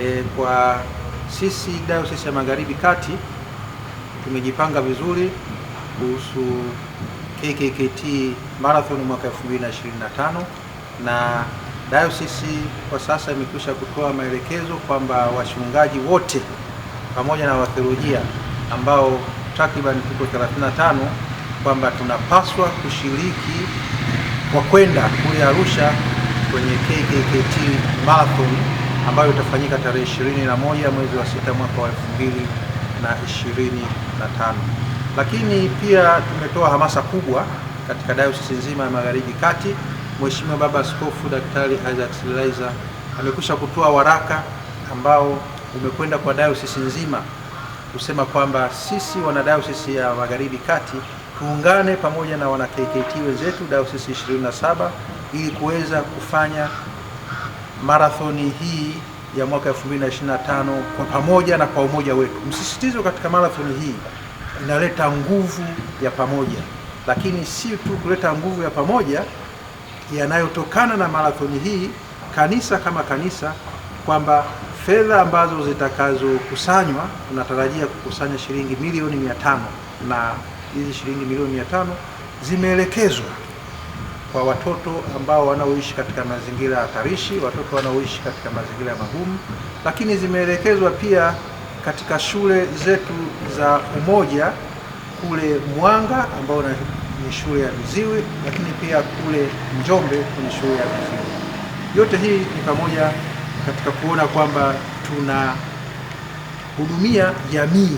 E, kwa sisi Dayosisi ya Magharibi Kati tumejipanga vizuri kuhusu KKKT Marathon mwaka 2025 na Dayosisi kwa sasa imekwisha kutoa maelekezo kwamba wachungaji wote pamoja na watheolojia ambao takriban tuko 35 kwamba tunapaswa kushiriki kwa kwenda kule Arusha kwenye KKKT Marathon ambayo itafanyika tarehe 21 mwezi wa sita mwaka wa tano. Lakini pia tumetoa hamasa kubwa katika dayosisi nzima ya Magharibi Kati. Mheshimiwa Baba Askofu Daktari Isaac Silaiza amekwisha kutoa waraka ambao umekwenda kwa dayosisi nzima kusema kwamba sisi wana dayosisi ya Magharibi Kati tuungane pamoja na wana KKT wenzetu dayosisi 27 ili kuweza kufanya marathoni hii ya mwaka 2025 kwa pamoja na kwa umoja wetu. Msisitizo katika marathoni hii inaleta nguvu ya pamoja, lakini si tu kuleta nguvu ya pamoja yanayotokana na marathoni hii, kanisa kama kanisa, kwamba fedha ambazo zitakazokusanywa, tunatarajia kukusanya shilingi milioni mia tano na hizi shilingi milioni mia tano zimeelekezwa kwa watoto ambao wanaoishi katika mazingira hatarishi, watoto wanaoishi katika mazingira magumu, lakini zimeelekezwa pia katika shule zetu za Umoja kule Mwanga ambao ni shule ya viziwi, lakini pia kule Njombe kwenye shule ya viziwi. Yote hii ni pamoja katika kuona kwamba tuna hudumia jamii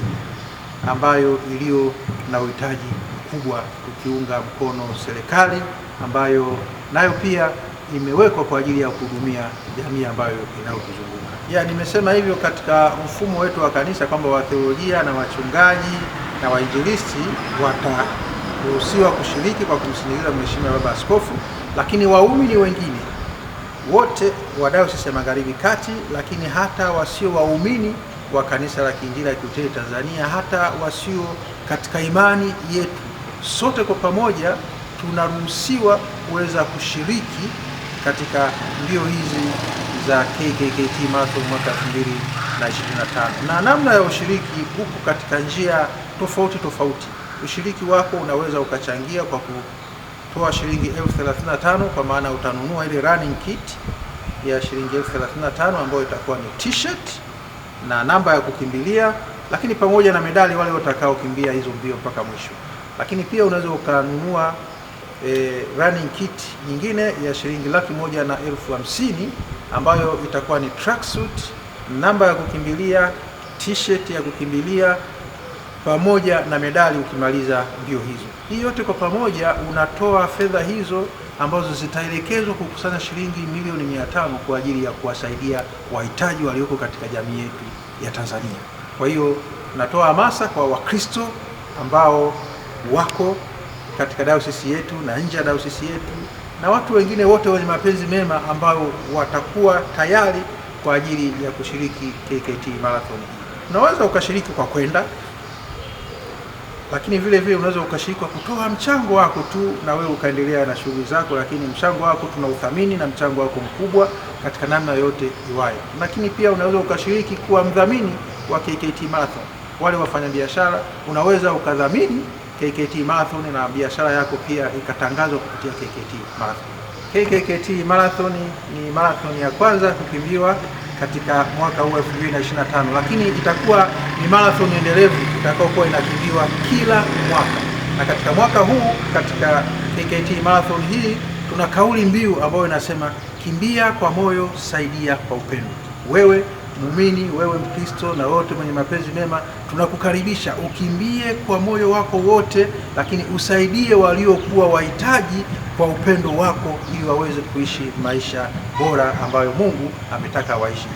ambayo iliyo na uhitaji kubwa tukiunga mkono serikali ambayo nayo pia imewekwa kwa ajili ya kuhudumia jamii ambayo inayotuzunguka. Ya, nimesema hivyo katika mfumo wetu wa kanisa kwamba watheolojia na wachungaji na wainjilisti wataruhusiwa kushiriki kwa kumsindikiza Mheshimiwa Baba Askofu, lakini waumini wengine wote wa Dayosisi ya Magharibi Kati, lakini hata wasio waumini wa Kanisa la Kiinjili la Kilutheri Tanzania, hata wasio katika imani yetu sote kwa pamoja tunaruhusiwa kuweza kushiriki katika mbio hizi za KKKT Marathon mwaka 2025 na namna ya ushiriki huko katika njia tofauti tofauti. Ushiriki wako unaweza ukachangia kwa kutoa shilingi elfu 35 kwa maana utanunua ile running kit ya shilingi elfu 35 ambayo itakuwa ni t-shirt na namba ya kukimbilia, lakini pamoja na medali wale watakaokimbia hizo mbio mpaka mwisho lakini pia unaweza ukanunua e, running kit nyingine ya shilingi laki moja na elfu hamsini ambayo itakuwa ni tracksuit, namba ya kukimbilia, t-shirt ya kukimbilia pamoja na medali ukimaliza mbio hizo. Hii yote kwa pamoja unatoa fedha hizo ambazo zitaelekezwa kukusanya shilingi milioni mia tano kwa ajili ya kuwasaidia wahitaji walioko katika jamii yetu ya Tanzania. Kwa hiyo natoa hamasa kwa Wakristo ambao wako katika dayosisi yetu na nje ya dayosisi yetu na watu wengine wote wenye mapenzi mema ambao watakuwa tayari kwa ajili ya kushiriki KKT marathon. Unaweza ukashiriki kwa kwenda, lakini vile vile unaweza ukashiriki kwa kutoa mchango wako tu, na wewe ukaendelea na shughuli zako, lakini mchango wako tunauthamini na mchango wako mkubwa katika namna yote iwayo. Lakini pia unaweza ukashiriki kuwa mdhamini wa KKT marathon. Wale wafanyabiashara unaweza ukadhamini KKT Marathon na biashara yako pia ikatangazwa kupitia KKT Marathon. KKKT Marathon ni marathon ya kwanza kukimbiwa katika mwaka huu 2025, lakini itakuwa ni marathon endelevu itakayokuwa inakimbiwa kila mwaka, na katika mwaka huu katika KKT Marathon hii tuna kauli mbiu ambayo inasema kimbia kwa moyo, saidia kwa upendo. Wewe muumini, wewe Mkristo na wote mwenye mapenzi mema, tunakukaribisha ukimbie kwa moyo wako wote, lakini usaidie waliokuwa wahitaji kwa upendo wako, ili waweze kuishi maisha bora ambayo Mungu ametaka waishi.